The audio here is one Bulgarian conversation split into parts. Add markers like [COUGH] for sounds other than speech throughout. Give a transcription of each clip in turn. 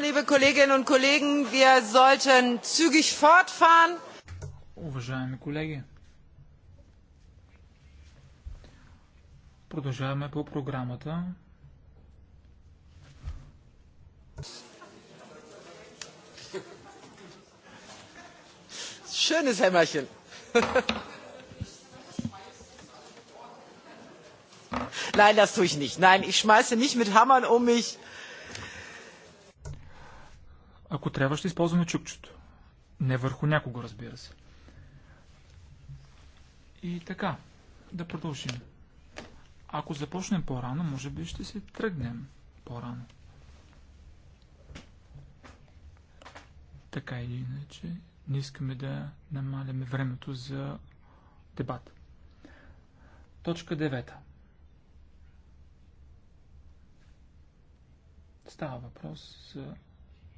liebe Kolleginnen und Kollegen, wir sollten zügig fortfahren. Уважаеми колеги, продължаваме по програмата. Schönes Hämmerchen. Nein, das tue ich nicht. Nein, ich schmeiße nicht mit Hammern um mich. Ако трябва, ще използваме чукчето. Не върху някого, разбира се. И така, да продължим. Ако започнем по-рано, може би ще се тръгнем по-рано. Така или иначе, не искаме да намаляме времето за дебат. Точка 9. Става въпрос за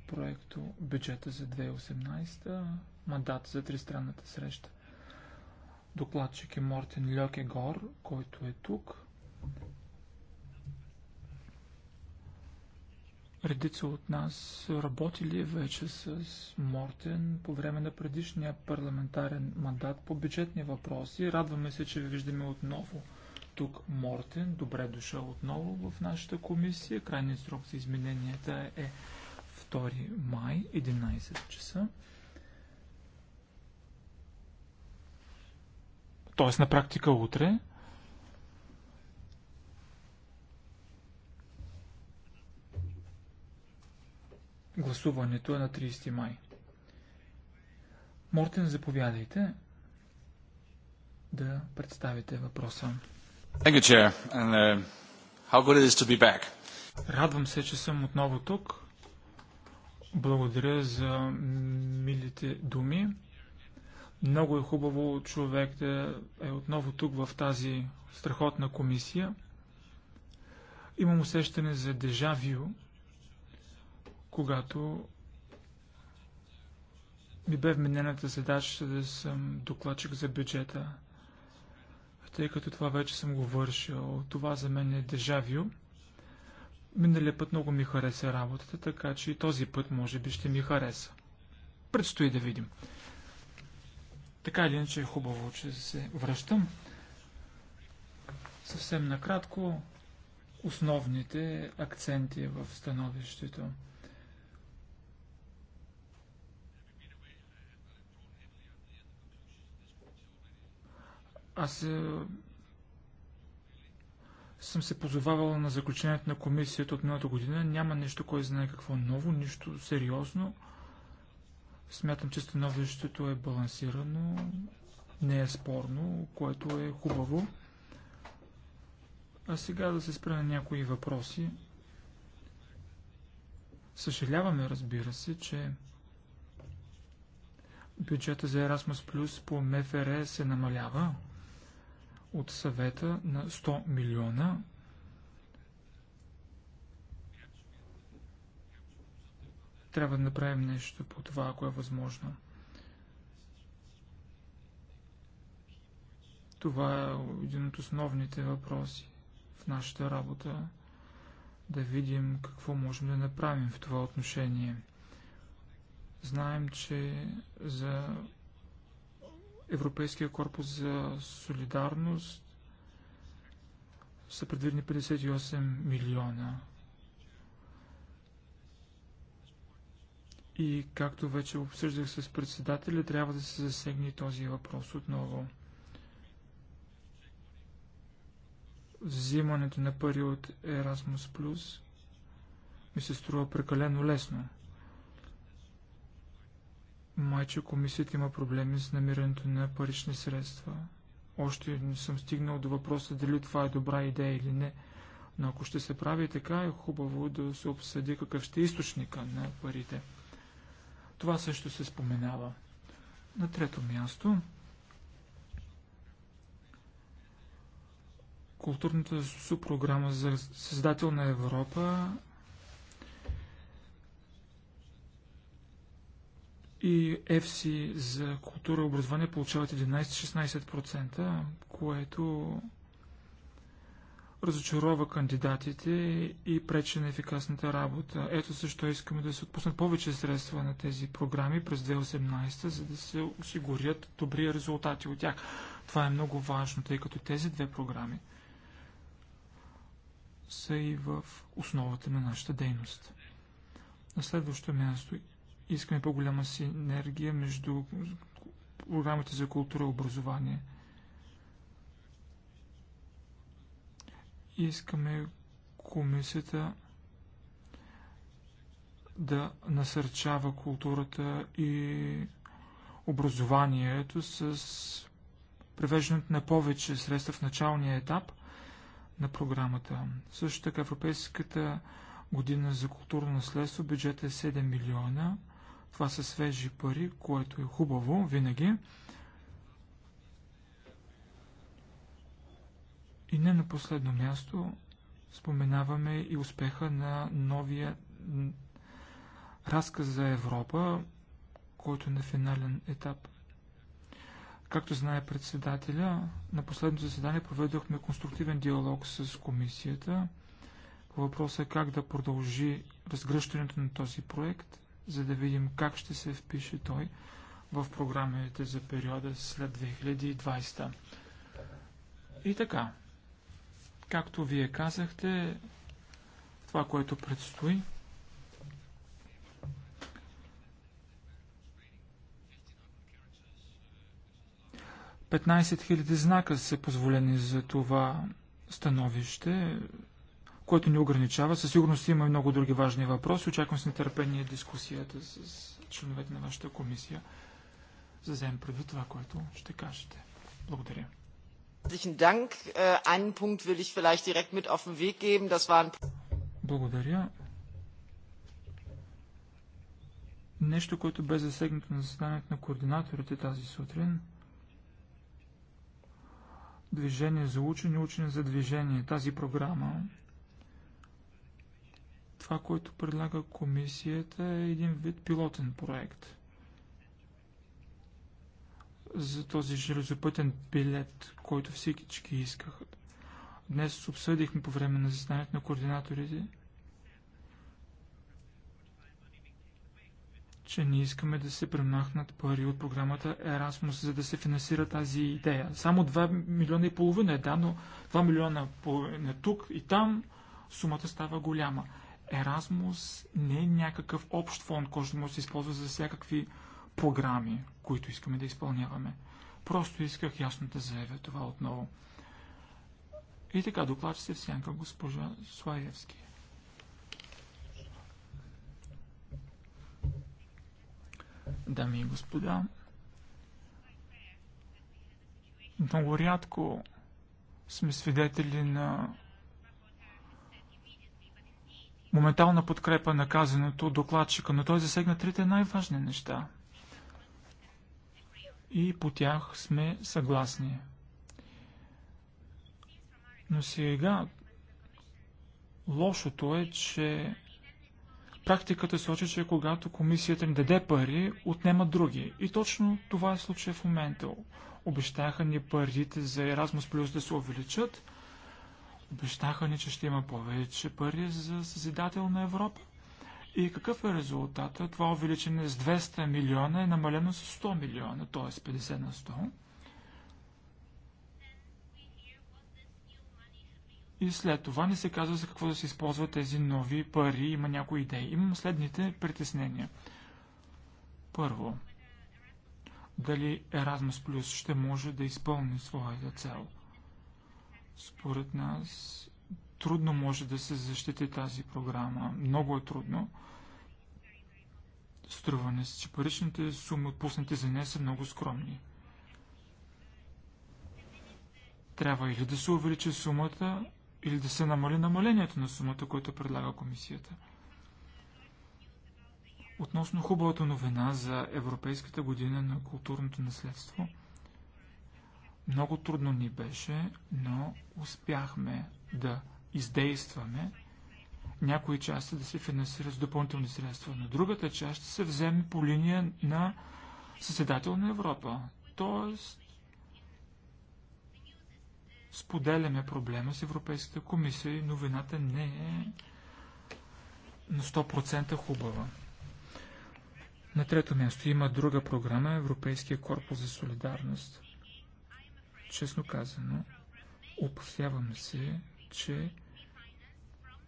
проекто бюджета за 2018, мандат за тристранната среща. Докладчик е Мортен Льокегор, който е тук. Редица от нас работили вече с Мортен по време на предишния парламентарен мандат по бюджетни въпроси. Радваме се, че ви виждаме отново тук Мортен. Добре дошъл отново в нашата комисия. Крайният срок за измененията е 2 май, 11 часа. Тоест на практика утре. Гласуването е на 30 май. Мортен, заповядайте да представите въпроса. Радвам се, че съм отново тук. Благодаря за милите думи. Много е хубаво човек да е отново тук в тази страхотна комисия. Имам усещане за дежавио, когато ми бе вменената задача да съм докладчик за бюджета, тъй като това вече съм го вършил. Това за мен е дежавио. Миналия път много ми хареса работата, така че и този път може би ще ми хареса. Предстои да видим. Така или иначе е хубаво, че се връщам. Съвсем накратко, основните акценти в становището. Аз е, съм се позовавал на заключението на комисията от миналата година. Няма нещо, кой знае какво ново, нищо сериозно. Смятам, че становището е балансирано, не е спорно, което е хубаво. А сега да се спра на някои въпроси. Съжаляваме, разбира се, че бюджета за Erasmus Plus по МФР се намалява от съвета на 100 милиона. Трябва да направим нещо по това, ако е възможно. Това е един от основните въпроси в нашата работа. Да видим какво можем да направим в това отношение. Знаем, че за Европейския корпус за солидарност са предвидени 58 милиона. И както вече обсъждах с председателя, трябва да се засегне този въпрос отново. Взимането на пари от Erasmus Plus ми се струва прекалено лесно май, че комисията има проблеми с намирането на парични средства. Още не съм стигнал до въпроса дали това е добра идея или не. Но ако ще се прави така, е хубаво да се обсъди какъв ще е източника на парите. Това също се споменава. На трето място културната субпрограма за Създател на Европа и FC за култура и образование получават 11-16%, което разочарова кандидатите и пречи на ефикасната работа. Ето защо искаме да се отпуснат повече средства на тези програми през 2018, за да се осигурят добри резултати от тях. Това е много важно, тъй като тези две програми са и в основата на нашата дейност. На следващо място Искаме по-голяма синергия между програмите за култура и образование. Искаме комисията да насърчава културата и образованието с превеждането на повече средства в началния етап на програмата. Също така Европейската година за културно наследство бюджет е 7 милиона – това са свежи пари, което е хубаво винаги. И не на последно място споменаваме и успеха на новия разказ за Европа, който е на финален етап. Както знае председателя, на последното заседание проведохме конструктивен диалог с комисията по въпроса е как да продължи разгръщането на този проект – за да видим как ще се впише той в програмите за периода след 2020. И така, както вие казахте, това, което предстои, Петнайсет хиляди знака са позволени за това становище което ни ограничава. Със сигурност има и много други важни въпроси. Очаквам с нетърпение дискусията с членовете на вашата комисия, за да вземем предвид това, което ще кажете. Благодаря. Äh, Благодаря. Нещо, което бе засегнато на заседанието на координаторите тази сутрин. Движение за учени, учени за движение. Тази програма това, което предлага комисията е един вид пилотен проект за този железопътен билет, който всички искаха. Днес обсъдихме по време на заседанието на координаторите, че не искаме да се премахнат пари от програмата Erasmus, за да се финансира тази идея. Само 2 милиона и половина е да, но 2 милиона е тук и там сумата става голяма. Еразмус не е някакъв общ фонд, който може да се използва за всякакви програми, които искаме да изпълняваме. Просто исках ясно да заявя това отново. И така, доклад се в сянка госпожа Слаевски. Дами и господа, много рядко сме свидетели на моментална подкрепа на казаното докладчика, но той засегна трите най-важни неща. И по тях сме съгласни. Но сега лошото е, че практиката сочи, че когато комисията ни даде пари, отнема други. И точно това е случая в момента. Обещаха ни парите за Erasmus Plus да се увеличат, Обещаха ни, че ще има повече пари за съзидателна Европа. И какъв е резултата? Това увеличение с 200 милиона е намалено с 100 милиона, т.е. 50 на 100. И след това не се казва за какво да се използват тези нови пари, има някои идеи. Имам следните притеснения. Първо, дали Erasmus Plus ще може да изпълни своята цел? Според нас трудно може да се защити тази програма. Много е трудно. Струва не че паричните суми отпуснати за нея са много скромни. Трябва или да се увеличи сумата, или да се намали намалението на сумата, което предлага комисията. Относно хубавата новина за Европейската година на културното наследство – много трудно ни беше, но успяхме да издействаме някои части да се финансират с допълнителни средства, но другата част ще се вземе по линия на съседателна Европа. Тоест, споделяме проблема с Европейската комисия и новината не е на 100% хубава. На трето място има друга програма Европейския корпус за солидарност. Честно казано, опасявам се, че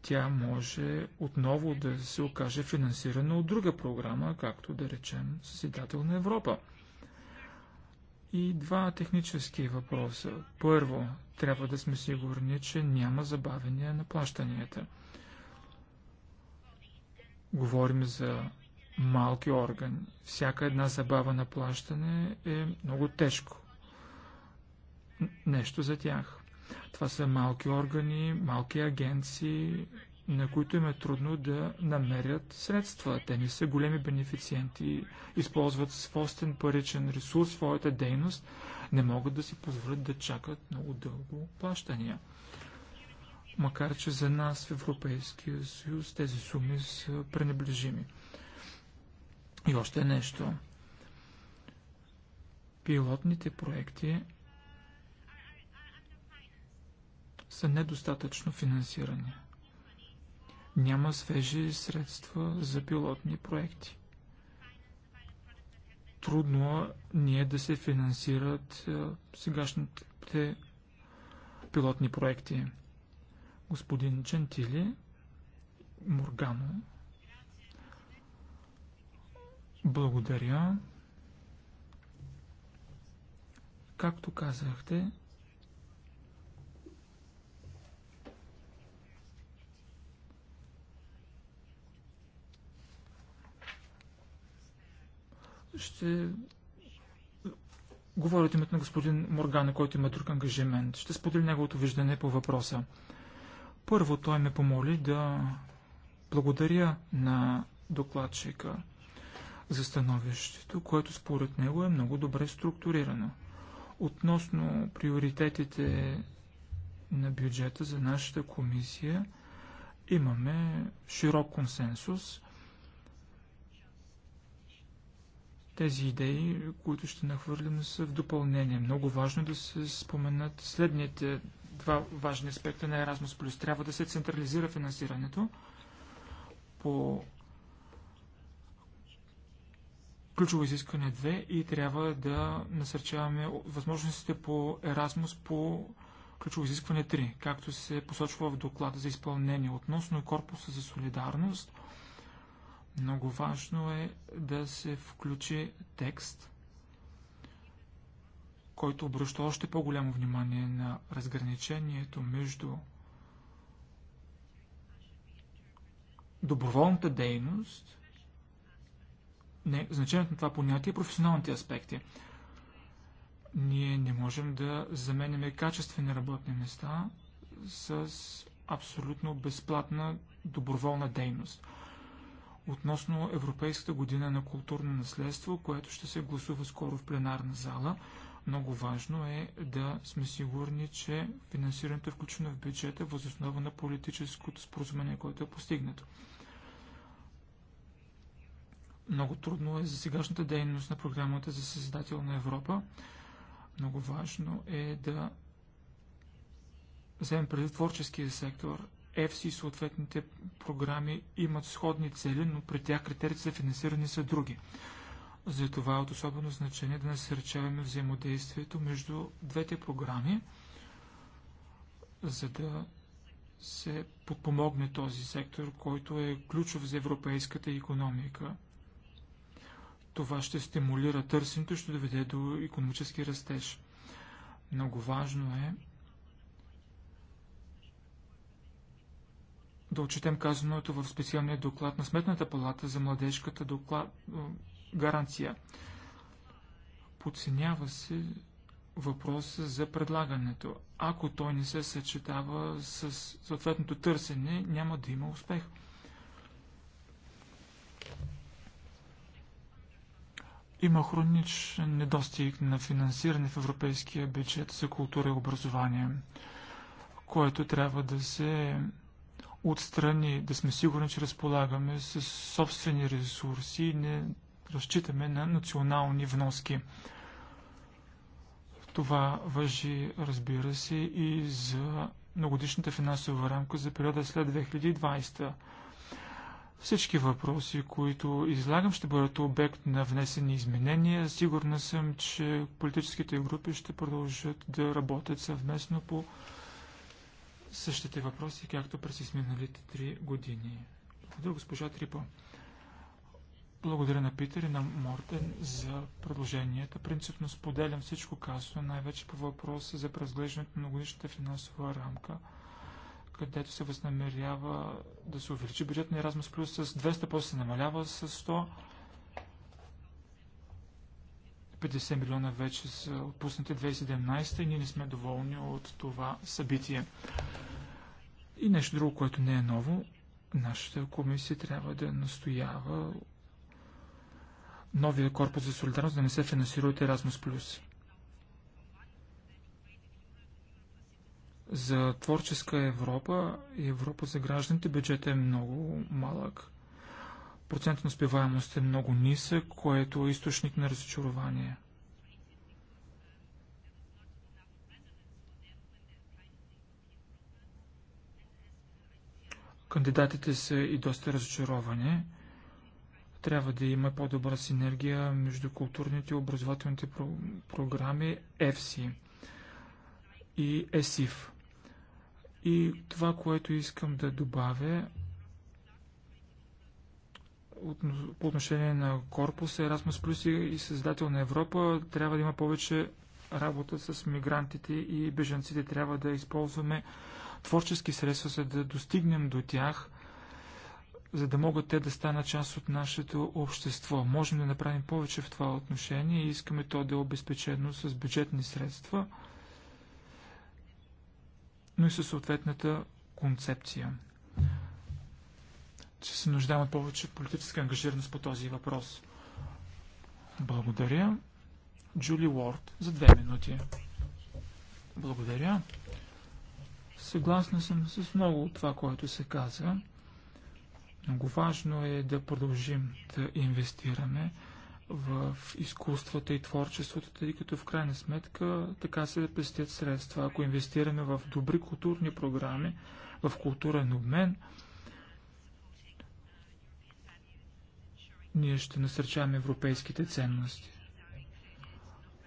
тя може отново да се окаже финансирана от друга програма, както да речем Съседателна Европа. И два технически въпроса. Първо, трябва да сме сигурни, че няма забавения на плащанията. Говорим за малки органи. Всяка една забава на плащане е много тежко нещо за тях. Това са малки органи, малки агенции, на които им е трудно да намерят средства. Те не са големи бенефициенти, използват свостен паричен ресурс, своята дейност, не могат да си позволят да чакат много дълго плащания. Макар, че за нас в Европейския съюз тези суми са пренебрежими. И още нещо. Пилотните проекти са недостатъчно финансирани. Няма свежи средства за пилотни проекти. Трудно ние да се финансират е, сегашните пилотни проекти. Господин Чентили, Моргано, благодаря. Както казахте, Ще говоря от името на господин Моргана, който има друг ангажимент. Ще споделя неговото виждане по въпроса. Първо той ме помоли да благодаря на докладчика за становището, което според него е много добре структурирано. Относно приоритетите на бюджета за нашата комисия, имаме широк консенсус – Тези идеи, които ще нахвърлим, са в допълнение. Много важно е да се споменат следните два важни аспекта на Erasmus+. Плюс. Трябва да се централизира финансирането по ключово изискване 2 и трябва да насърчаваме възможностите по Erasmus по ключово изискване 3, както се посочва в доклада за изпълнение относно корпуса за солидарност. Много важно е да се включи текст, който обръща още по-голямо внимание на разграничението между доброволната дейност, не, значението на това понятие и професионалните аспекти. Ние не можем да заменяме качествени работни места с абсолютно безплатна доброволна дейност – относно Европейската година на културно наследство, което ще се гласува скоро в пленарна зала. Много важно е да сме сигурни, че финансирането е включено в бюджета въз основа на политическото споразумение, което е постигнато. Много трудно е за сегашната дейност на програмата за Създател на Европа. Много важно е да вземем преди творческия сектор ЕФСИ и съответните програми имат сходни цели, но при тях критериите за финансиране са други. Затова е от особено значение да насърчаваме взаимодействието между двете програми, за да се подпомогне този сектор, който е ключов за европейската економика. Това ще стимулира търсенето и ще доведе до економически растеж. Много важно е да отчетем казаното в специалния доклад на Сметната палата за младежката доклад... гаранция. Подценява се въпроса за предлагането. Ако той не се съчетава с съответното търсене, няма да има успех. Има хроничен недостиг на финансиране в европейския бюджет за култура и образование, което трябва да се отстрани, да сме сигурни, че разполагаме с собствени ресурси и не разчитаме на национални вноски. Това въжи, разбира се, и за многодишната финансова рамка за периода след 2020. Всички въпроси, които излагам, ще бъдат обект на внесени изменения. Сигурна съм, че политическите групи ще продължат да работят съвместно по същите въпроси, както през изминалите три години. Благодаря, госпожа Трипо. Благодаря на Питер и на Мортен за предложенията. Принципно споделям всичко казано, най-вече по въпроса за преразглеждането на годишната финансова рамка, където се възнамерява да се увеличи бюджет на Erasmus плюс с 200, после се намалява с 100. 50 милиона вече са отпуснати 2017 и ние не сме доволни от това събитие. И нещо друго, което не е ново, нашата комисия трябва да настоява новия корпус за солидарност да не се финансира от Erasmus+. За творческа Европа и Европа за гражданите бюджетът е много малък. Процент на успеваемост е много нисък, което е източник на разочарование. Кандидатите са и доста разочаровани. Трябва да има по-добра синергия между културните и образователните про програми EFSI и ЕСИФ. И това, което искам да добавя по отношение на корпуса Erasmus Plus и Създател на Европа трябва да има повече работа с мигрантите и бежанците. Трябва да използваме творчески средства, за да достигнем до тях, за да могат те да станат част от нашето общество. Можем да направим повече в това отношение и искаме то да е обезпечено с бюджетни средства, но и със съответната концепция че се нуждаем от повече политическа ангажираност по този въпрос. Благодаря. Джули Уорд за две минути. Благодаря. Съгласна съм с много от това, което се каза. Много важно е да продължим да инвестираме в изкуствата и творчеството, тъй като в крайна сметка така се да пестят средства. Ако инвестираме в добри културни програми, в културен обмен, Ние ще насърчаваме европейските ценности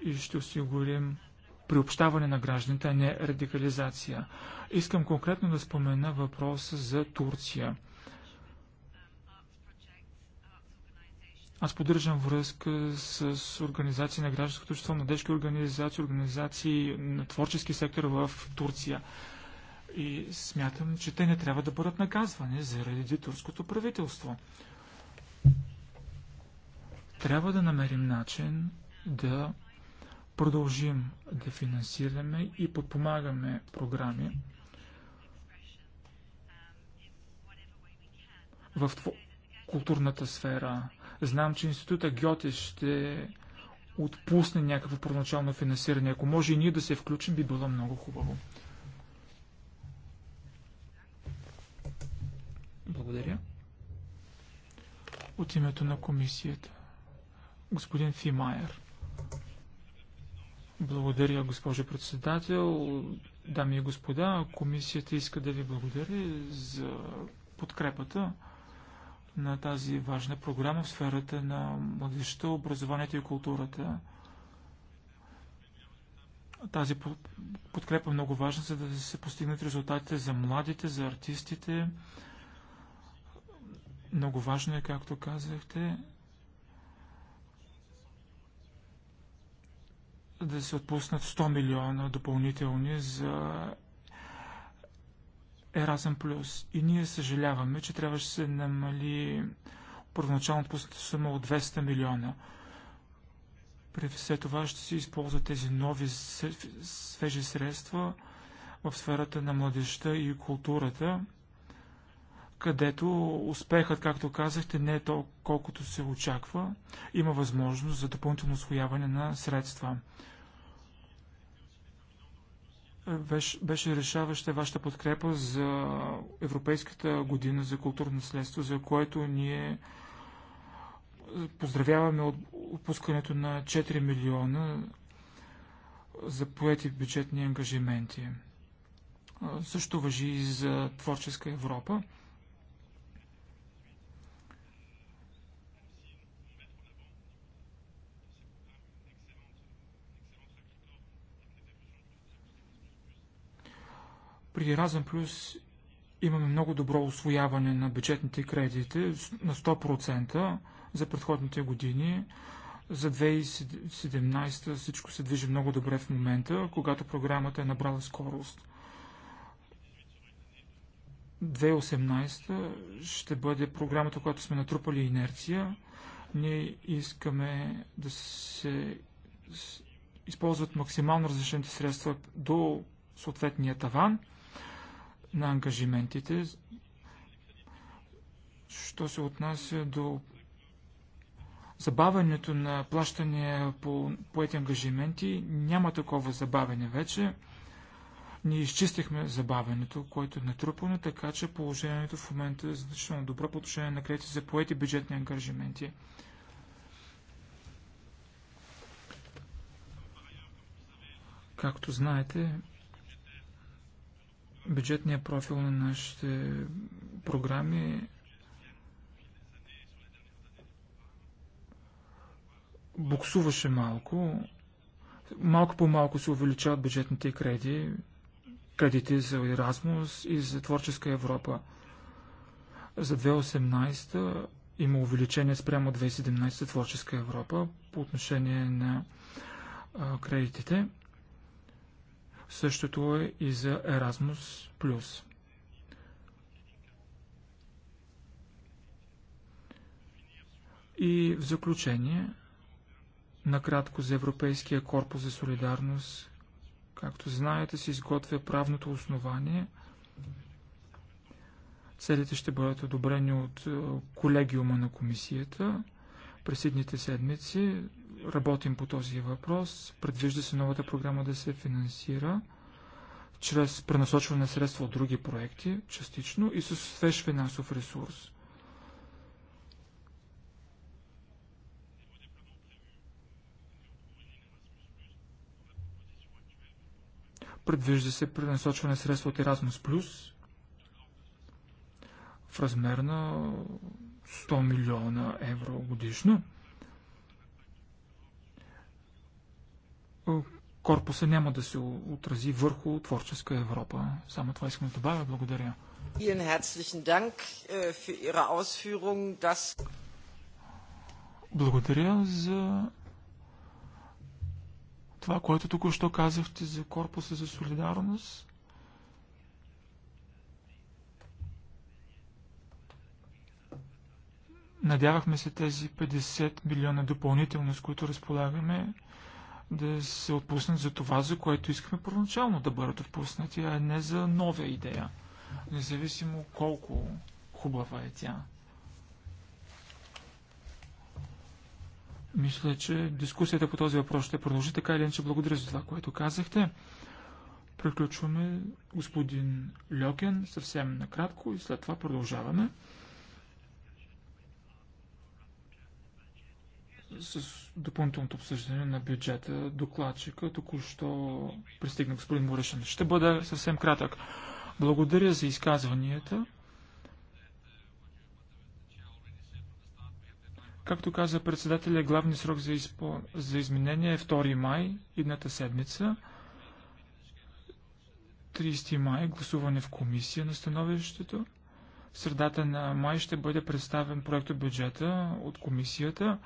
и ще осигурим приобщаване на гражданите, а не радикализация. Искам конкретно да спомена въпроса за Турция. Аз поддържам връзка с организации на гражданското общество, младежки организации, организации на творчески сектор в Турция. И смятам, че те не трябва да бъдат наказвани заради турското правителство. Трябва да намерим начин да продължим да финансираме и подпомагаме програми в културната сфера. Знам, че института Гьоте ще отпусне някакво първоначално финансиране. Ако може и ние да се включим, би било много хубаво. Благодаря. От името на комисията господин Фимайер. Благодаря, госпожо председател. Дами и господа, комисията иска да ви благодаря за подкрепата на тази важна програма в сферата на младеща, образованието и културата. Тази подкрепа е много важна, за да се постигнат резултатите за младите, за артистите. Много важно е, както казахте, да се отпуснат 100 милиона допълнителни за Erasmus Плюс. И ние съжаляваме, че трябваше да се намали първоначално отпуснато сума от 200 милиона. При все това ще се използват тези нови свежи средства в сферата на младеща и културата, където успехът, както казахте, не е толкова колкото се очаква. Има възможност за допълнително освояване на средства беше, беше решаваща вашата подкрепа за Европейската година за културно наследство, за което ние поздравяваме от отпускането на 4 милиона за поети бюджетни ангажименти. Също въжи и за Творческа Европа. При Еразъм Плюс имаме много добро освояване на бюджетните кредити на 100% за предходните години. За 2017 всичко се движи много добре в момента, когато програмата е набрала скорост. 2018 ще бъде програмата, която сме натрупали инерция. Ние искаме да се използват максимално разрешените средства до съответния таван – на ангажиментите, що се отнася до забавянето на плащания по поети ангажименти, няма такова забавяне вече. Ние изчистихме забавянето, което е натрупано, така че положението в момента е значително добро по отношение на кредити за поети бюджетни ангажименти. Както знаете, бюджетния профил на нашите програми буксуваше малко. Малко по малко се увеличават бюджетните кредити, кредити за Erasmus и за Творческа Европа. За 2018 има увеличение спрямо 2017 Творческа Европа по отношение на кредитите. Същото е и за Erasmus+. И в заключение, накратко за Европейския корпус за солидарност, както знаете, се изготвя правното основание. Целите ще бъдат одобрени от е, колегиума на комисията през следните седмици. Работим по този въпрос. Предвижда се новата програма да се финансира чрез пренасочване на средства от други проекти, частично, и с свеж финансов ресурс. Предвижда се пренасочване на средства от Erasmus Plus в размер на 100 милиона евро годишно. Е, корпуса няма да се отрази върху творческа Европа. Само това искам да добавя. Благодаря. Е, Благодаря за това, което току-що казахте за корпуса за солидарност. Надявахме се тези 50 милиона допълнителност, с които разполагаме, да се отпуснат за това, за което искаме първоначално да бъдат отпуснати, а не за нова идея, независимо колко хубава е тя. Мисля, че дискусията по този въпрос ще продължи така или иначе. Благодаря за това, което казахте. Приключваме господин Льокен съвсем накратко и след това продължаваме. с допълнителното обсъждане на бюджета, докладчика, току-що пристигна господин Муришин. Ще бъда съвсем кратък. Благодаря за изказванията. Както каза председателя, главни срок за, изпо... за изменение е 2 май, едната седмица. 30 май гласуване в комисия на становището. В средата на май ще бъде представен проект от бюджета от комисията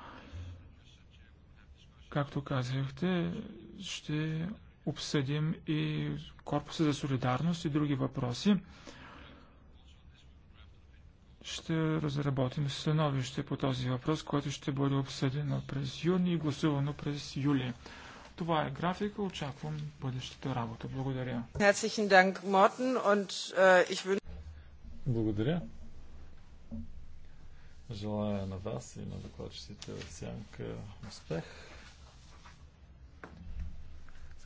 Както казахте, ще обсъдим и Корпуса за солидарност и други въпроси. Ще разработим становище по този въпрос, който ще бъде обсъдено през юни и гласувано през юли. Това е графика. Очаквам бъдещата работа. Благодаря. Äh, Благодаря. Желая на вас и на докладчиците в сянка успех.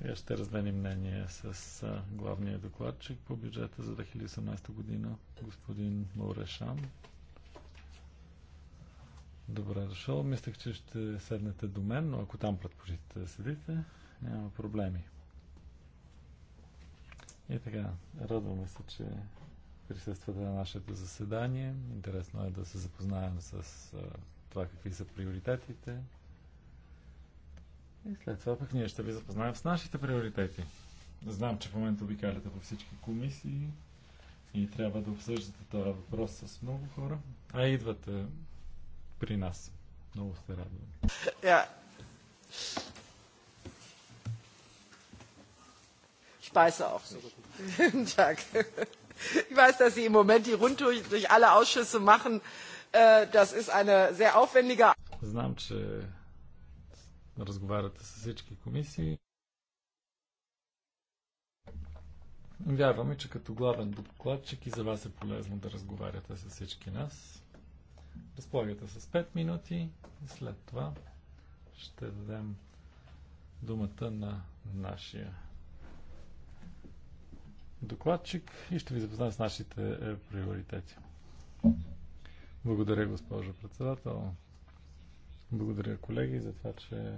Сега ще разменим мнение с главния докладчик по бюджета за 2018 година, господин Лаурешан. Добре дошъл. Мислех, че ще седнете до мен, но ако там предпочитате да седите, няма проблеми. И така, радваме се, че присъствате на нашето заседание. Интересно е да се запознаем с това какви са приоритетите и след това пък ние ще ви запознаем с нашите приоритети. Знам, че в момента обикаляте по всички комисии и трябва да обсъждате този въпрос с много хора. А идвате при нас. Много се радвам. Yeah. Ich auch nicht. [LAUGHS] Ich weiß, dass Sie im Moment die Rundtour durch alle Ausschüsse machen. Äh, das ist eine sehr aufwendige. Знам, че разговаряте с всички комисии. Вярваме, че като главен докладчик и за вас е полезно да разговаряте с всички нас. Разполагате с 5 минути и след това ще дадем думата на нашия докладчик и ще ви запознаем с нашите е, приоритети. Благодаря, госпожо председател. Благодаря, колеги, за това, че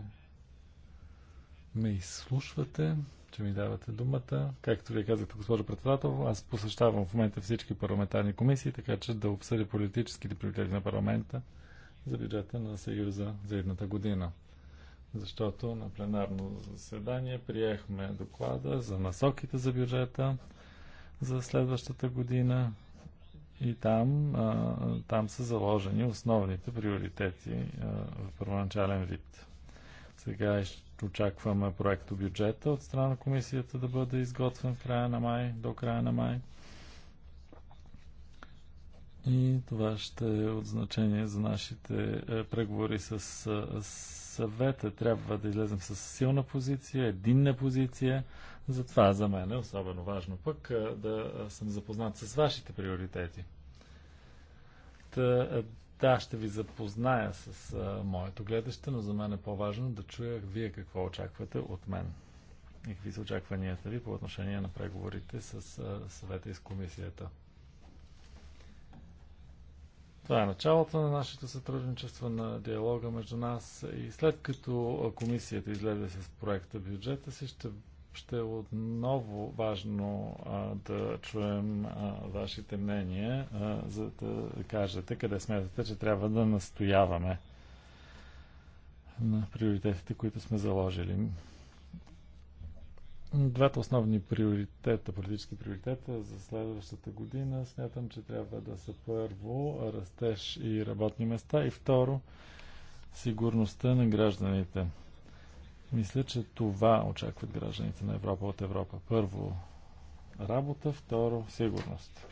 ме изслушвате, че ми давате думата. Както вие казахте, госпожо председател, аз посещавам в момента всички парламентарни комисии, така че да обсъдя политическите приоритети на парламента за бюджета на Съюза за едната година. Защото на пленарно заседание приехме доклада за насоките за бюджета за следващата година и там, а, там са заложени основните приоритети а, в първоначален вид. Сега очакваме проекто бюджета от страна на комисията да бъде изготвен в края на май, до края на май. И това ще е от значение за нашите е, преговори с, с съвета. Трябва да излезем с силна позиция, единна позиция, затова за мен е особено важно пък да съм запознат с вашите приоритети. Та, да, ще ви запозная с а, моето гледаще, но за мен е по-важно да чуя вие какво очаквате от мен. И какви са очакванията ви по отношение на преговорите с а, съвета и с комисията. Това е началото на нашето сътрудничество, на диалога между нас и след като комисията излезе с проекта бюджета си, ще ще е отново важно а, да чуем а, вашите мнения, а, за да кажете къде смятате, че трябва да настояваме на приоритетите, които сме заложили. Двата основни приоритета, политически приоритета за следващата година смятам, че трябва да са първо растеж и работни места и второ сигурността на гражданите. Мисля, че това очакват гражданите на Европа от Европа. Първо, работа, второ, сигурност.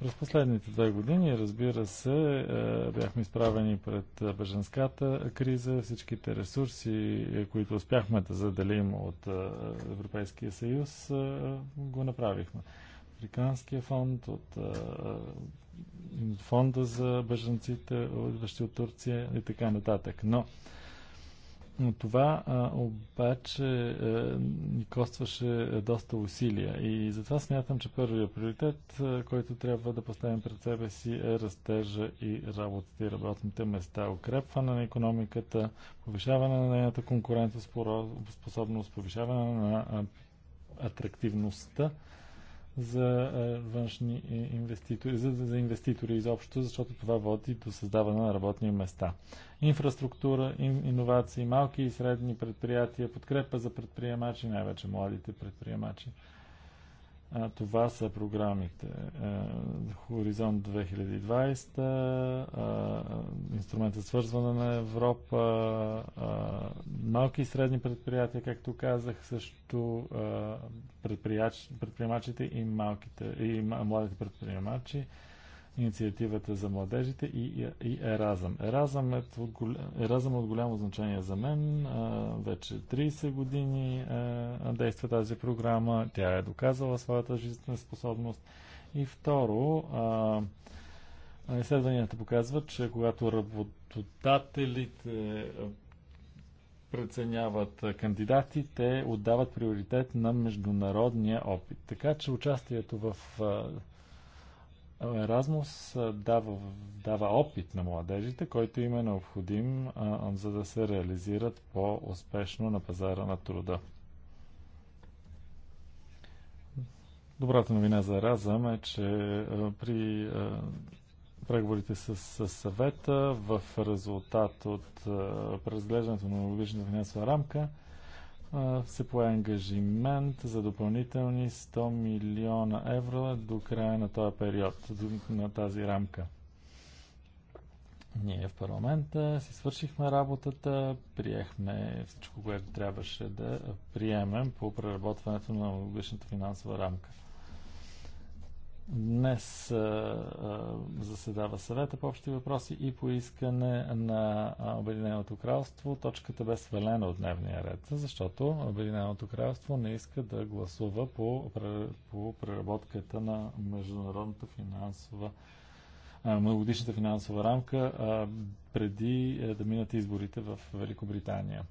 През последните две години, разбира се, е, бяхме изправени пред беженската криза. Всичките ресурси, които успяхме да заделим от е, Европейския съюз, е, го направихме. Африканския фонд, от фонда за беженците, идващи от Турция и така нататък. Но но това а, обаче а, ни костваше доста усилия и затова смятам, че първият приоритет, а, който трябва да поставим пред себе си е растежа и работата и работните места, укрепване на економиката, повишаване на нейната конкурентоспособност, повишаване на атрактивността за е, външни е, инвеститори, за, за инвеститори изобщо, защото това води до създаване на работни места. Инфраструктура, ин, иновации, малки и средни предприятия, подкрепа за предприемачи, най-вече младите предприемачи. А, това са програмите. Е, Хоризонт 2020, а, инструмент за свързване на Европа, а, е, малки и средни предприятия, както казах, също е, предприемачите и, малките, и младите предприемачи инициативата за младежите и, и Еразъм. Еразъм, е от голям, Еразъм е от голямо значение за мен. Вече 30 години действа тази програма. Тя е доказала своята способност. И второ, изследванията показват, че когато работодателите преценяват кандидатите, отдават приоритет на международния опит. Така че участието в Еразмус дава, дава опит на младежите, който им е необходим, а, за да се реализират по-успешно на пазара на труда. Добрата новина за Еразъм е, че а, при а, преговорите с, с съвета в резултат от а, преразглеждането на логичната финансова рамка, се пое ангажимент за допълнителни 100 милиона евро до края на този период, на тази рамка. Ние в парламента си свършихме работата, приехме всичко, което трябваше да приемем по преработването на логичната финансова рамка. Днес заседава съвета по общи въпроси и по искане на Обединеното кралство. Точката бе свалена от дневния ред, защото Обединеното кралство не иска да гласува по, по преработката на международната финансова многогодишната финансова рамка преди е, да минат изборите в Великобритания.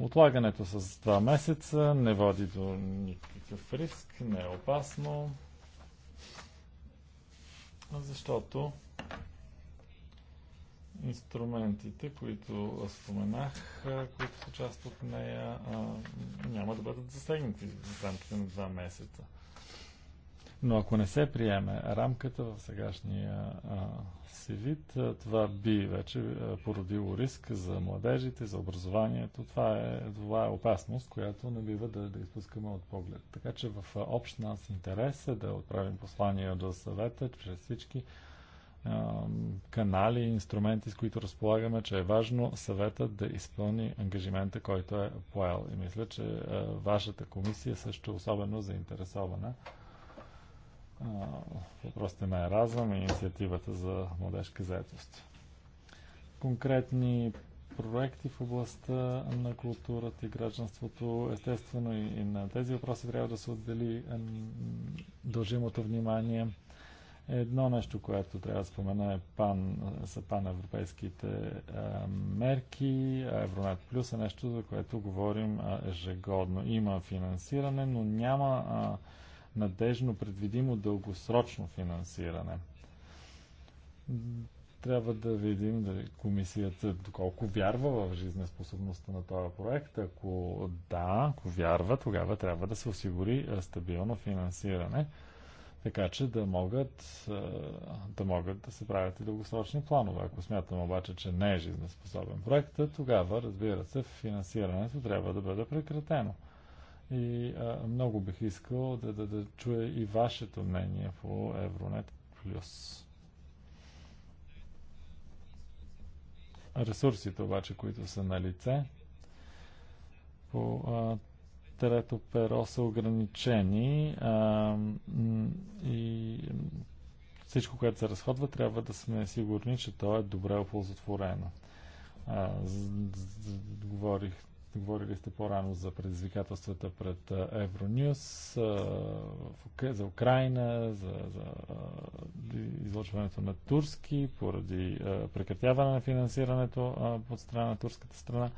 Отлагането с два месеца не води до никакъв риск, не е опасно защото инструментите, които споменах, които са част от нея, няма да бъдат засегнати в рамките на два месеца. Но ако не се приеме рамката в сегашния а, си вид, това би вече породило риск за младежите, за образованието. Това е, това е опасност, която не бива да, да изпускаме от поглед. Така че в общ нас интерес е да отправим послания до съвета чрез всички а, канали и инструменти, с които разполагаме, че е важно съветът да изпълни ангажимента, който е поел. И мисля, че а, вашата комисия също е особено заинтересована въпросите на Еразъм и е инициативата за младежка заедост. Конкретни проекти в областта на културата и гражданството, естествено и, и на тези въпроси трябва да се отдели дължимото внимание. Едно нещо, което трябва да спомена е пан, са паневропейските а, мерки. Евронет Плюс е нещо, за което говорим ежегодно. Има финансиране, но няма а, надежно, предвидимо, дългосрочно финансиране. Трябва да видим дали комисията доколко вярва в жизнеспособността на този проект. Ако да, ако вярва, тогава трябва да се осигури стабилно финансиране, така че да могат да, могат да се правят и дългосрочни планове. Ако смятам обаче, че не е жизнеспособен проект, тогава, разбира се, финансирането трябва да бъде прекратено. И а, много бих искал да, да, да чуя и вашето мнение по Евронет Плюс. Ресурсите обаче, които са на лице, по а, трето перо са ограничени а, и всичко, което се разходва, трябва да сме сигурни, че то е добре оползотворено. А, говорих Говорили сте по-рано за предизвикателствата пред Евронюс, за Украина, за, за излъчването на турски, поради прекратяване на финансирането от страна на турската страна.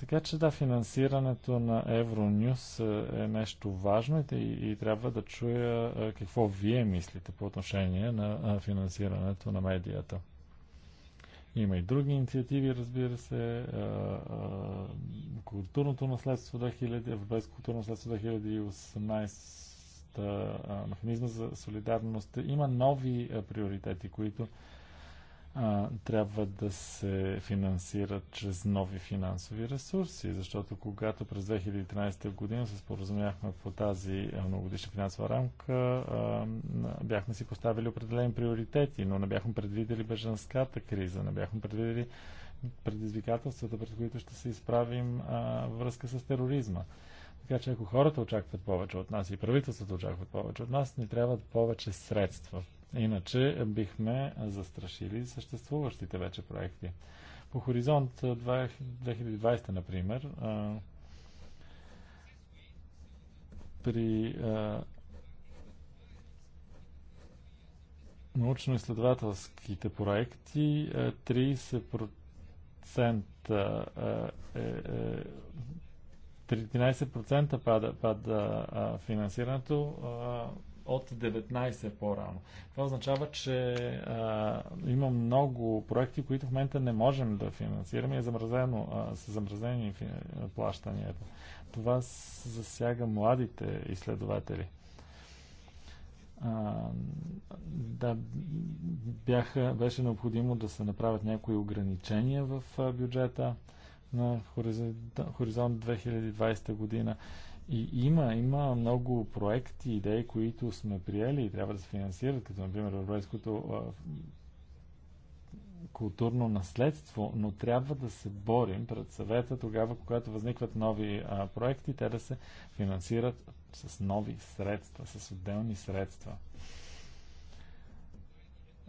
Така че да, финансирането на Евронюс е нещо важно и, и трябва да чуя какво вие мислите по отношение на финансирането на медията. Има и други инициативи, разбира се. културното наследство 2000, Европейско културно наследство 2018, механизма за солидарност. Има нови приоритети, които а, трябва да се финансират чрез нови финансови ресурси, защото когато през 2013 година се споразумяхме по тази многогодишна финансова рамка, а, бяхме си поставили определени приоритети, но не бяхме предвидели бежанската криза, не бяхме предвидели предизвикателствата, пред които ще се изправим а, връзка с тероризма. Така че ако хората очакват повече от нас и правителството очакват повече от нас, ни трябват повече средства. Иначе бихме застрашили съществуващите вече проекти. По хоризонт 2020, например, при научно-изследователските проекти 30% е, е, 13% пада, пада финансирането от 19 по-рано. Това означава, че а, има много проекти, които в момента не можем да финансираме и е замразено, а, са замразени плащанията. Това засяга младите изследователи. А, да, бяха, беше необходимо да се направят някои ограничения в бюджета на Хоризонт 2020 година. И има, има много проекти, идеи, които сме приели и трябва да се финансират, като например европейското културно наследство, но трябва да се борим пред съвета тогава, когато възникват нови а, проекти, те да се финансират с нови средства, с отделни средства.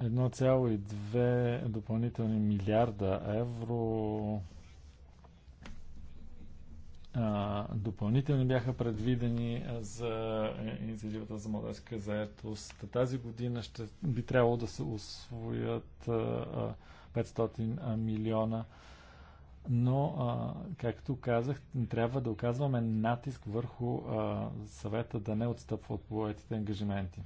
1,2 допълнителни милиарда евро допълнителни бяха предвидени за е, инициативата за младежка заетост. Тази година ще би трябвало да се освоят 500 милиона. Но, както казах, трябва да оказваме натиск върху съвета да не отстъпва от поетите ангажименти.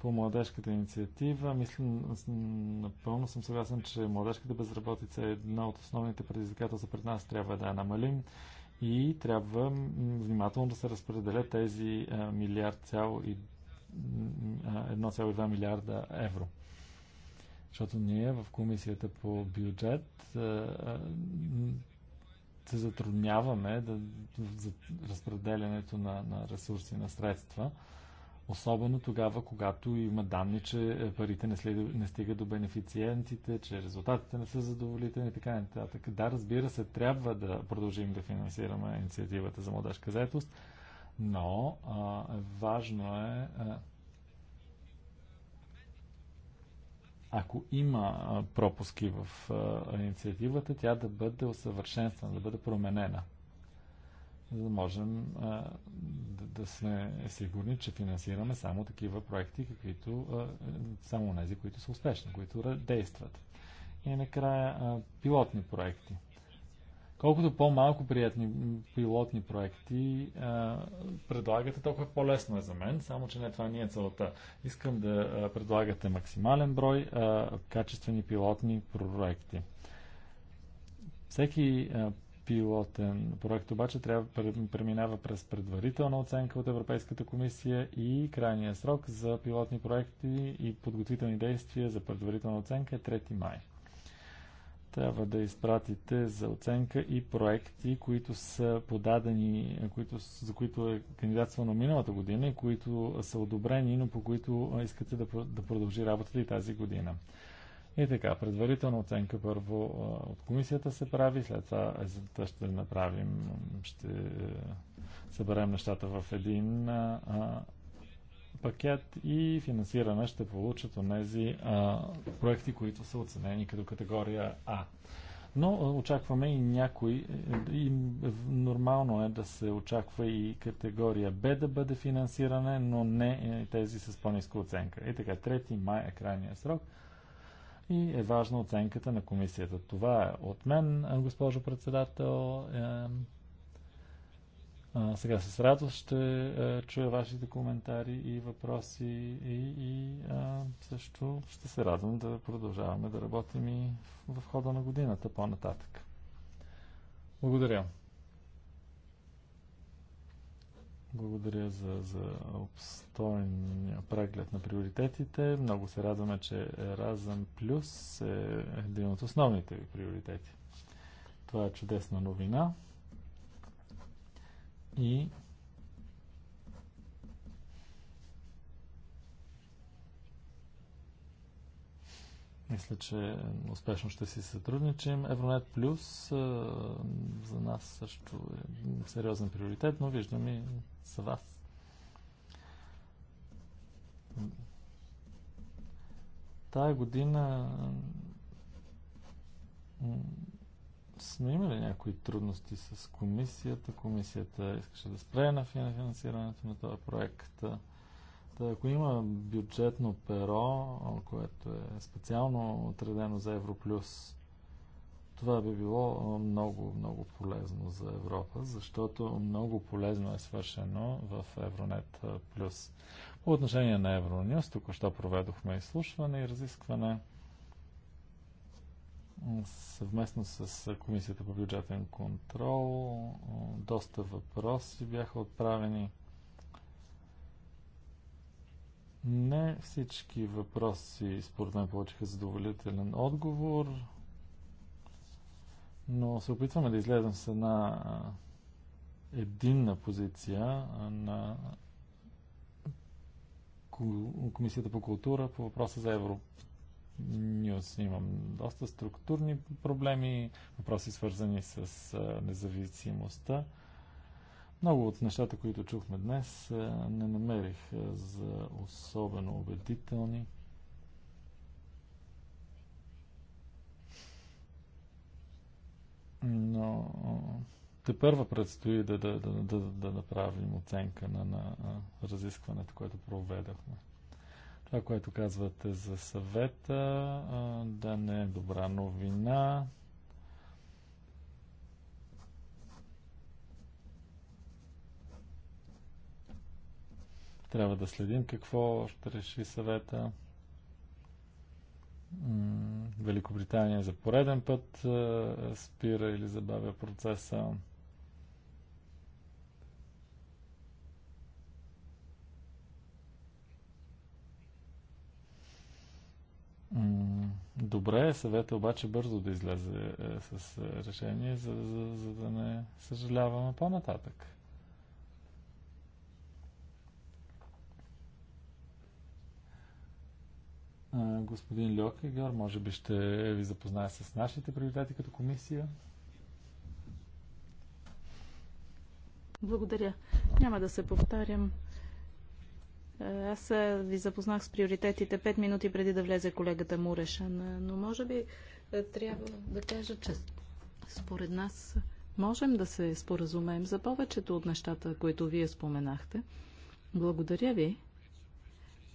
По младежката инициатива, мисля, напълно съм съгласен, че младежката безработица е една от основните предизвикателства пред нас. Трябва да я намалим и трябва внимателно да се разпределят тези милиард цяло и 1,2 милиарда евро. Защото ние в комисията по бюджет се затрудняваме да, за разпределянето на, на ресурси, на средства. Особено тогава, когато има данни, че е, парите не, следи, не стигат до бенефициентите, че резултатите не са задоволителни и така нататък. Да, разбира се, трябва да продължим да финансираме инициативата за младежка заетост, но а, важно е. А, ако има пропуски в инициативата, тя да бъде усъвършенствана, да бъде променена за да можем а, да, да сме сигурни, че финансираме само такива проекти, каквито, а, само тези, които са успешни, които действат. И накрая а, пилотни проекти. Колкото по-малко приятни пилотни проекти а, предлагате, толкова по-лесно е за мен, само че не това ни е целта. Искам да а, предлагате максимален брой а, качествени пилотни проекти. Всеки а, пилотен проект обаче трябва преминава през предварителна оценка от Европейската комисия и крайния срок за пилотни проекти и подготвителни действия за предварителна оценка е 3 май. Трябва да изпратите за оценка и проекти, които са подадени, които, за които е кандидатствано миналата година и които са одобрени, но по които искате да, да продължи работата и тази година. И така, предварителна оценка първо от комисията се прави, след това ще направим, ще е, съберем нещата в един а, пакет и финансиране ще получат от а, проекти, които са оценени като категория А. Но очакваме и някой е, и нормално е да се очаква и категория Б да бъде финансиране, но не е, тези с по низка оценка. И така, 3 май е крайния срок – и е важна оценката на комисията. Това е от мен, госпожо председател. Е, а, сега с радост ще е, чуя вашите коментари и въпроси и, и а, също ще се радвам да продължаваме да работим и в, в хода на годината по-нататък. Благодаря. Благодаря за, за обстойния преглед на приоритетите. Много се радваме, че Еразъм Плюс е един от основните ви приоритети. Това е чудесна новина. И Мисля, че успешно ще си сътрудничим. Евронет Плюс за нас също е сериозен приоритет, но виждам и с вас. Тая година сме имали някои трудности с комисията. Комисията искаше да спре на финансирането на този проект. Та, ако има бюджетно перо, което е специално отредено за Европлюс, това би било много, много полезно за Европа, защото много полезно е свършено в Евронет Плюс. По отношение на Евронюс, току-що проведохме изслушване и разискване съвместно с Комисията по бюджетен контрол. Доста въпроси бяха отправени. Не всички въпроси, според мен, получиха задоволителен отговор но се опитваме да излезем с една единна позиция на Комисията по култура по въпроса за Евро. Нюс. Имам доста структурни проблеми, въпроси свързани с независимостта. Много от нещата, които чухме днес, не намерих за особено убедителни. Но те първа предстои да, да, да, да, да направим оценка на, на разискването, което проведахме. Това, което казвате за съвета, да не е добра новина. Трябва да следим какво ще реши съвета. Великобритания е за пореден път е, спира или забавя процеса. Добре е съвета обаче бързо да излезе е, с решение, за, за, за да не съжаляваме по-нататък. господин Льокегор, може би ще ви запознае с нашите приоритети като комисия. Благодаря. Няма да се повтарям. Аз ви запознах с приоритетите 5 минути преди да влезе колегата Мурешан, но може би трябва да кажа, че според нас можем да се споразумеем за повечето от нещата, които вие споменахте. Благодаря ви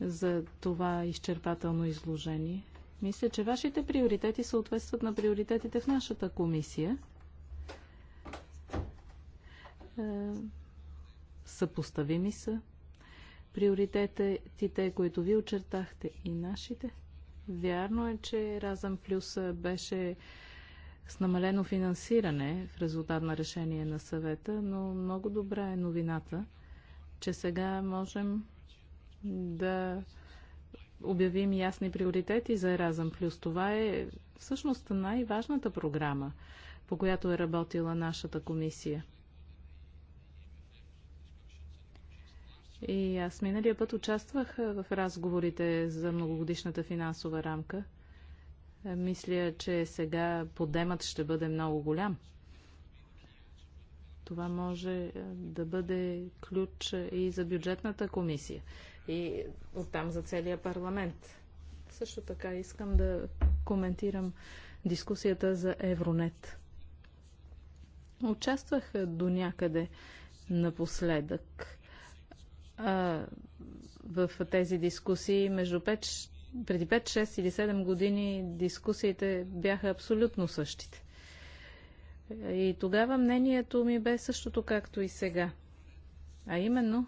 за това изчерпателно изложение. Мисля, че вашите приоритети съответстват на приоритетите в нашата комисия. Е, съпоставими са приоритетите, които ви очертахте и нашите. Вярно е, че Разъм Плюс беше с намалено финансиране в резултат на решение на съвета, но много добра е новината, че сега можем да обявим ясни приоритети за Еразъм Плюс. Това е всъщност най-важната програма, по която е работила нашата комисия. И аз миналия път участвах в разговорите за многогодишната финансова рамка. Е, мисля, че сега подемът ще бъде много голям. Това може е, да бъде ключ е, и за бюджетната комисия и оттам за целия парламент. Също така искам да коментирам дискусията за Евронет. Участвах до някъде напоследък а, в тези дискусии. Между 5, преди 5, 6 или 7 години дискусиите бяха абсолютно същите. И тогава мнението ми бе същото както и сега. А именно,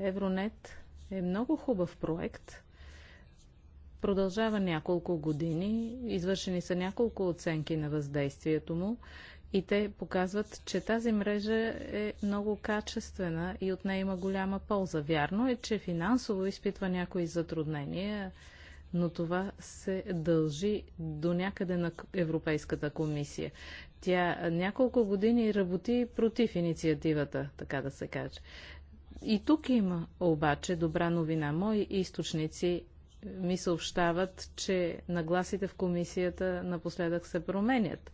Евронет е много хубав проект. Продължава няколко години. Извършени са няколко оценки на въздействието му и те показват, че тази мрежа е много качествена и от нея има голяма полза. Вярно е, че финансово изпитва някои затруднения, но това се дължи до някъде на Европейската комисия. Тя няколко години работи против инициативата, така да се каже. И тук има обаче добра новина. Мои източници е, ми съобщават, че нагласите в комисията напоследък се променят.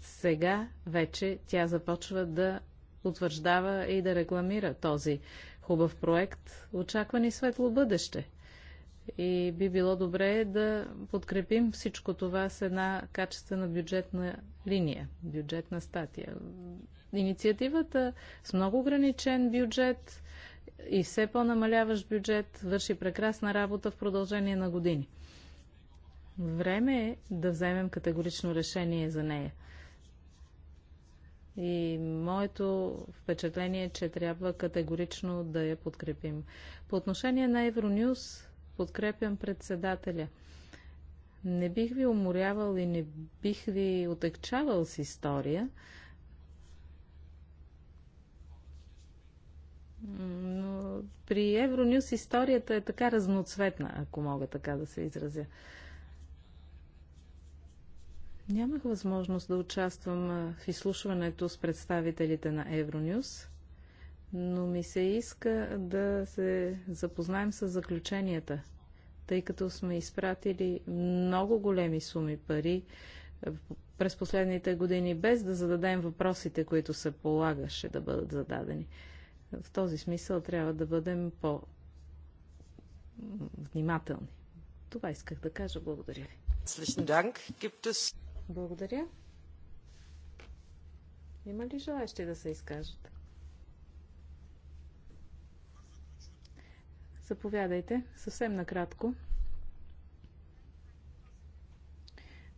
Сега вече тя започва да утвърждава и да рекламира този хубав проект. Очаквани светло бъдеще. И би било добре да подкрепим всичко това с една качествена бюджетна линия, бюджетна статия. Инициативата с много ограничен бюджет и все по-намаляващ бюджет върши прекрасна работа в продължение на години. Време е да вземем категорично решение за нея. И моето впечатление е, че трябва категорично да я подкрепим. По отношение на Евронюс, подкрепям председателя. Не бих ви уморявал и не бих ви отекчавал с история. Но при Евронюс историята е така разноцветна, ако мога така да се изразя. Нямах възможност да участвам в изслушването с представителите на Евронюс, но ми се иска да се запознаем с заключенията, тъй като сме изпратили много големи суми пари през последните години, без да зададем въпросите, които се полагаше да бъдат зададени. В този смисъл трябва да бъдем по внимателни. Това исках да кажа. Благодаря ви. Благодаря. Има ли желаящи да се изкажат? Заповядайте, съвсем накратко.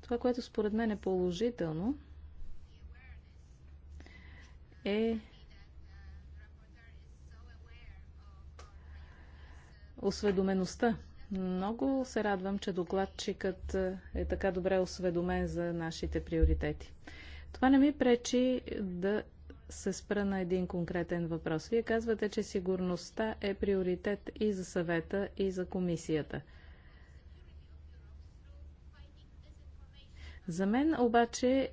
Това, което според мен е положително, е осведомеността. Много се радвам, че докладчикът е, е така добре осведомен за нашите приоритети. Това не ми пречи да се спра на един конкретен въпрос. Вие казвате, че сигурността е приоритет и за съвета, и за комисията. За мен обаче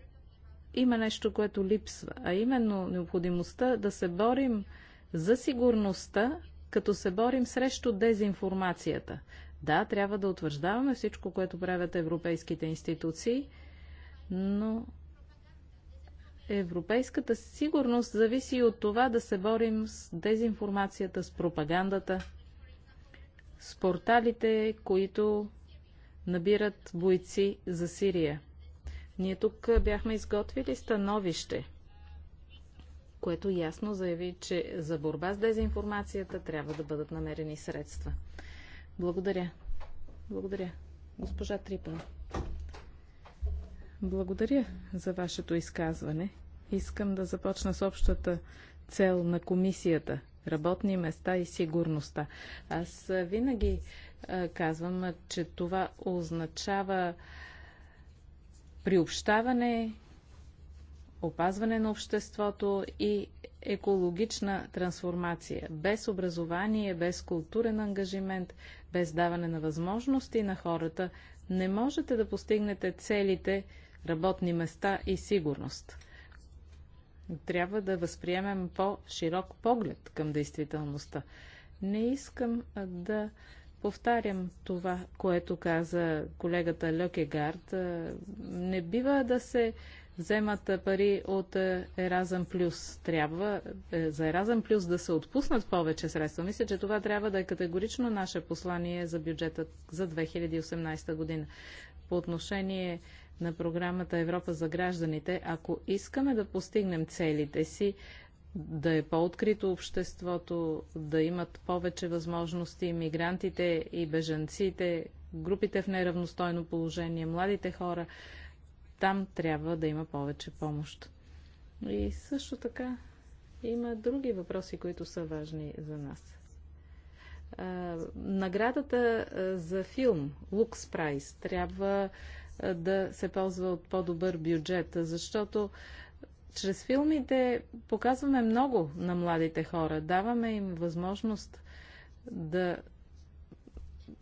има нещо, което липсва, а именно необходимостта да се борим за сигурността като се борим срещу дезинформацията. Да, трябва да утвърждаваме всичко, което правят европейските институции, но европейската сигурност зависи от това да се борим с дезинформацията, с пропагандата, с порталите, които набират бойци за Сирия. Ние тук бяхме изготвили становище което ясно заяви, че за борба с дезинформацията трябва да бъдат намерени средства. Благодаря. Благодаря. Госпожа Трипан. Благодаря за вашето изказване. Искам да започна с общата цел на комисията работни места и сигурността. Аз винаги а, казвам, че това означава приобщаване опазване на обществото и екологична трансформация. Без образование, без културен ангажимент, без даване на възможности на хората, не можете да постигнете целите работни места и сигурност. Трябва да възприемем по-широк поглед към действителността. Не искам да повтарям това, което каза колегата Лекегард. Не бива да се вземат пари от е, Еразъм Плюс. Трябва е, за Еразъм Плюс да се отпуснат повече средства. Мисля, че това трябва да е категорично наше послание за бюджета за 2018 година. По отношение на програмата Европа за гражданите, ако искаме да постигнем целите си, да е по-открито обществото, да имат повече възможности мигрантите и бежанците, групите в неравностойно положение, младите хора, там трябва да има повече помощ. И също така има други въпроси, които са важни за нас. наградата за филм Lux Prize трябва да се ползва от по-добър бюджет, защото чрез филмите показваме много на младите хора. Даваме им възможност да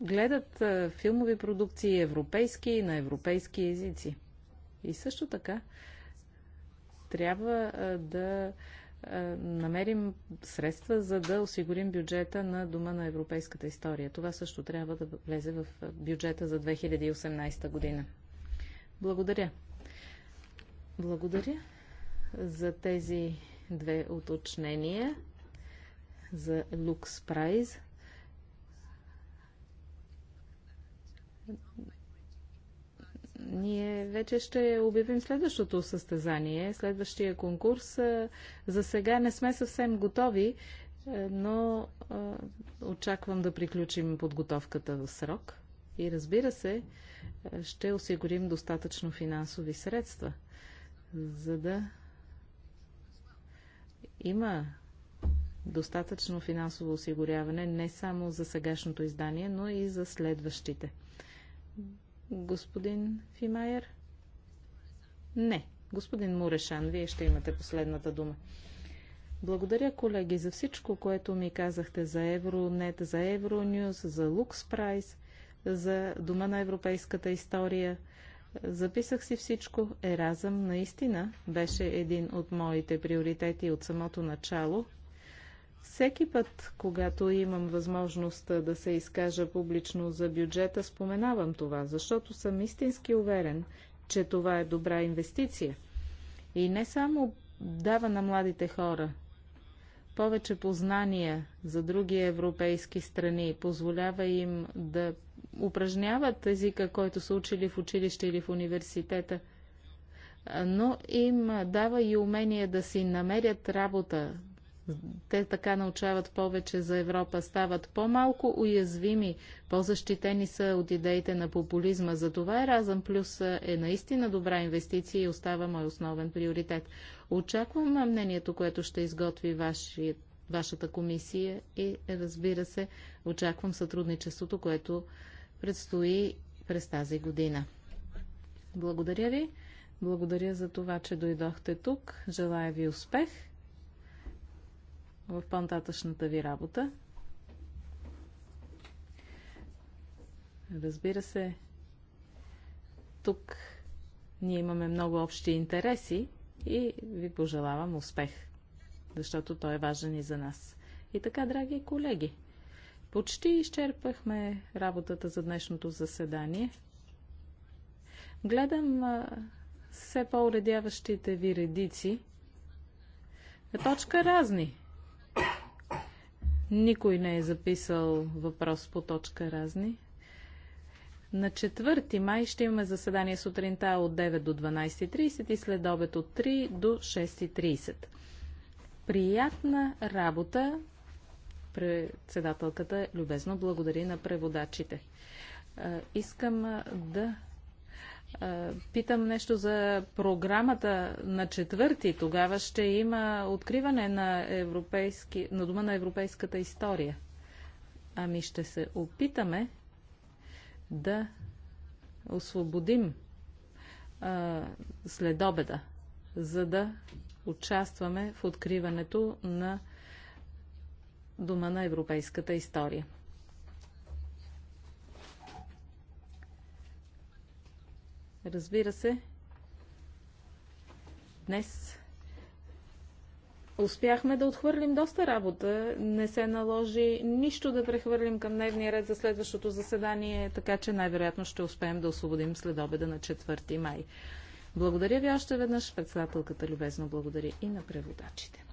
гледат филмови продукции европейски и на европейски езици. И също така трябва да намерим средства, за да осигурим бюджета на Дома на европейската история. Това също трябва да влезе в бюджета за 2018 година. Благодаря. Благодаря за тези две уточнения за Lux Prize ние вече ще обявим следващото състезание, следващия конкурс. За сега не сме съвсем готови, но очаквам да приключим подготовката в срок. И разбира се, ще осигурим достатъчно финансови средства, за да има достатъчно финансово осигуряване не само за сегашното издание, но и за следващите. Господин Фимайер? Не. Господин Мурешан, вие ще имате последната дума. Благодаря, колеги, за всичко, което ми казахте за Евронет, за Евронюс, за Лукс Прайс, за Дома на европейската история. Записах си всичко. Еразъм наистина беше един от моите приоритети от самото начало всеки път, когато имам възможност да се изкажа публично за бюджета, споменавам това, защото съм истински уверен, че това е добра инвестиция. И не само дава на младите хора повече познания за други европейски страни, позволява им да упражняват езика, който са учили в училище или в университета, но им дава и умение да си намерят работа, те така научават повече за Европа, стават по-малко уязвими, по-защитени са от идеите на популизма. За Затова Еразъм Плюс е наистина добра инвестиция и остава мой основен приоритет. Очаквам мнението, което ще изготви ваши, вашата комисия и разбира се, очаквам сътрудничеството, което предстои през тази година. Благодаря ви. Благодаря за това, че дойдохте тук. Желая ви успех в пантатъчната ви работа. Разбира се, тук ние имаме много общи интереси и ви пожелавам успех, защото той е важен и за нас. И така, драги колеги, почти изчерпахме работата за днешното заседание. Гледам а, все по-уредяващите ви редици. Точка разни. Никой не е записал въпрос по точка разни. На 4 май ще имаме заседание сутринта от 9 до 12.30 и след обед от 3 до 6.30. Приятна работа! Председателката любезно благодари на преводачите. Искам да Питам нещо за програмата на четвърти. Тогава ще има откриване на, европейски, на Дома на европейската история. Ами ще се опитаме да освободим а, след обеда, за да участваме в откриването на Дома на европейската история. Разбира се, днес успяхме да отхвърлим доста работа. Не се наложи нищо да прехвърлим към дневния ред за следващото заседание, така че най-вероятно ще успеем да освободим след обеда на 4 май. Благодаря ви още веднъж. Председателката любезно благодаря и на преводачите.